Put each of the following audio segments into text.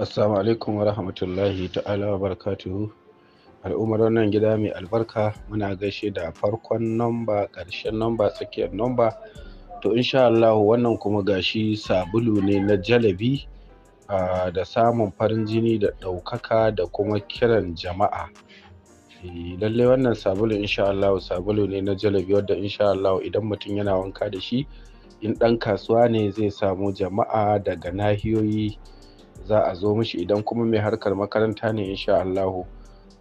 Assalamu alaikum wa rahmatullahi ta'ala wa barakatuhu. Al'ummar wannan gida mai albarka muna gaishe da farkon nomba, ƙarshen nomba, tsakiyar nomba. To insha Allah wannan kuma gashi sabulu ne na jalabi da samun farin jini da ɗaukaka da kuma kiran jama'a. E, lallai wannan sabulu insha Allah sabulu ne na jalabi wadda insha Allah idan mutum yana wanka da shi in ɗan kasuwa ne zai samu jama'a daga nahiyoyi. za a zo mishi idan kuma mai harkar makaranta ne insha Allahu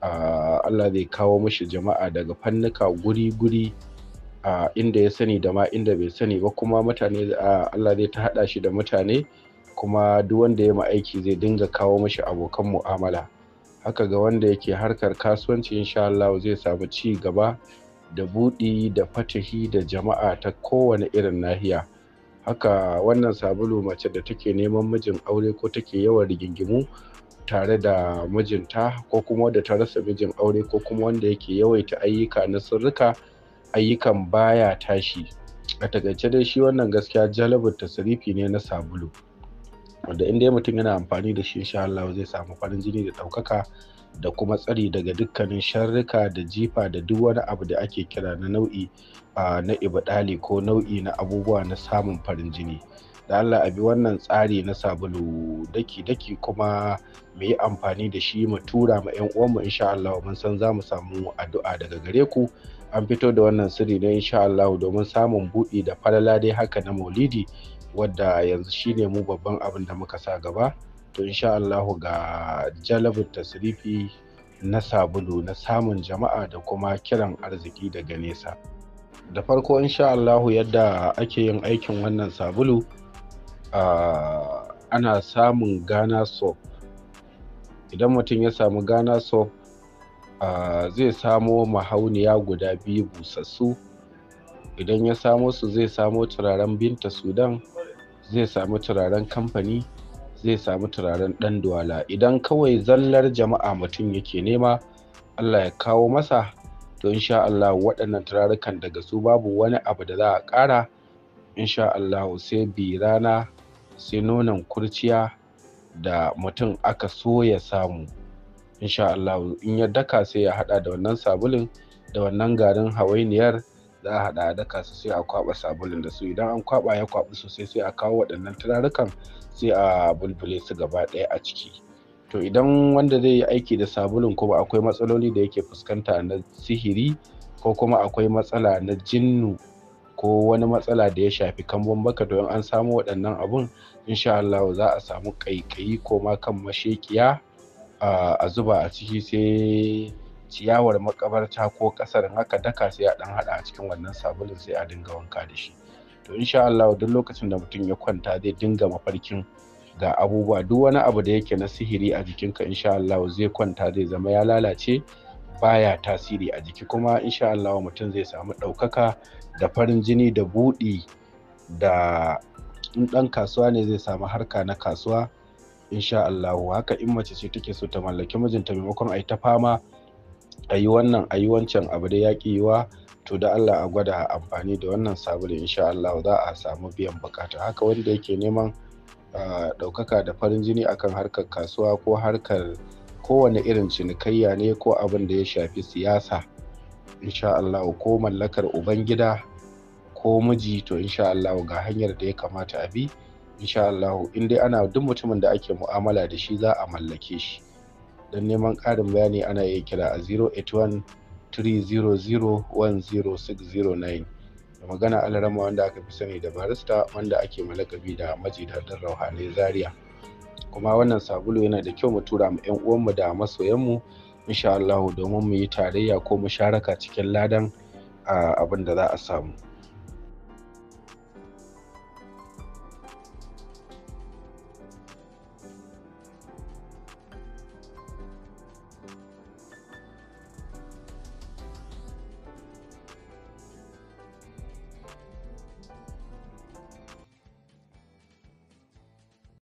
Allah zai kawo mishi jama'a daga fannuka guri-guri inda ya sani da ma inda bai sani ba kuma mutane Allah zai ta haɗa shi da mutane kuma duk wanda ya aiki zai dinga kawo mishi abokan mu'amala haka ga wanda yake harkar kasuwanci insha Allahu zai samu ci gaba da buɗi da fatahi da jama'a ta kowane irin nahiya. haka wannan sabulu mace da take neman mijin aure ko take yawan rigingimu tare da mijinta ko kuma wanda ta rasa mijin aure ko kuma wanda yake yawaita ayyuka na sirrika ayyukan baya tashi a takaice dai shi wannan gaskiya jalabar tasirifi ne na sabulu wanda inda mutum yana amfani da shi insha Allah zai samu farin jini da ɗaukaka da kuma tsari daga dukkanin sharrika da jifa da duk wani abu da ake kira na nau'i na ibadali ko nau'i na abubuwa na samun farin jini da Allah a wannan tsari na sabulu daki-daki kuma mu yi amfani da shi mu tura ma 'yan uwanmu insha Allah mun san za mu samu addu'a daga gare ku an fito da wannan sirri ne insha Allah domin samun buɗi da falala dai haka na maulidi wadda yanzu shine mu babban abin da muka sa gaba to insha Allah ga jalabin tasrifi na sabulu na samun jama'a da kuma kiran arziki daga nesa da farko insha Allah yadda ake yin aikin wannan sabulu uh, ana samun Ghana soap idan mutum ya samu Ghana soap uh, zai samo mahauniya guda biyu busassu idan ya samo su zai samo turaren binta sudan zai samu turaren kamfani zai samu turaren ɗan duwala idan kawai zallar jama'a mutum yake nema allah ya kawo masa to insha allah waɗannan turarukan daga su babu wani abu da za a ƙara insha allah sai bi rana sai nonon kurciya da mutum aka so ya samu insha allah in ya daka sai ya haɗa da wannan sabulin da wannan garin hawainiyar za a haɗa daka su sai a kwaɓa sabulun da su idan an kwaɓa ya kwaɓu sosai sai a kawo waɗannan turarukan sai a bulbule su gaba ɗaya a ciki to idan wanda zai yi aiki da sabulun kuma akwai matsaloli da yake fuskanta na sihiri ko kuma akwai matsala na jinnu ko wani matsala da ya shafi kan baka to an samu waɗannan abun insha Allah za a samu ƙaiƙayi ko ma kan mashekiya a zuba a ciki sai ciyawar makabarta ko ƙasar in aka daka sai a ɗan hada a cikin wannan sabulun sai a dinga wanka da shi to insha Allah duk lokacin da mutum ya kwanta zai dinga mafarkin ga abubuwa duk wani abu da yake na sihiri a jikinka insha Allah zai kwanta zai zama ya lalace baya tasiri a jiki kuma insha Allah mutum zai samu ɗaukaka da farin jini da buɗi da in ɗan kasuwa ne zai samu harka na kasuwa insha Allah haka in mace ce take so ta mallaki mijinta maimakon a yi ta fama a yi wannan a yi wancan abu da ya yiwa to da Allah a gwada a amfani da wannan sabulu insha Allah za a samu biyan bukata haka wanda yake neman ɗaukaka da farin jini akan harkar kasuwa ko harkar kowane irin cinikayya ne ko abin da ya shafi siyasa insha Allah ko mallakar ubangida ko miji to insha Allah ga hanyar da ya kamata a bi insha Allah in dai ana duk mutumin da ake mu'amala da shi za a mallake shi don neman ƙarin bayani ana iya kira a 081-300-10609 da magana alarama wanda aka fi sani da barista wanda ake malakabi da maji dan rauhanai zaria kuma wannan sabulu yana da kyau mu tura mu 'yan uwanmu da masoyanmu insha Allah domin mu yi tarayya ko musharaka cikin ladan ah, abin da za a samu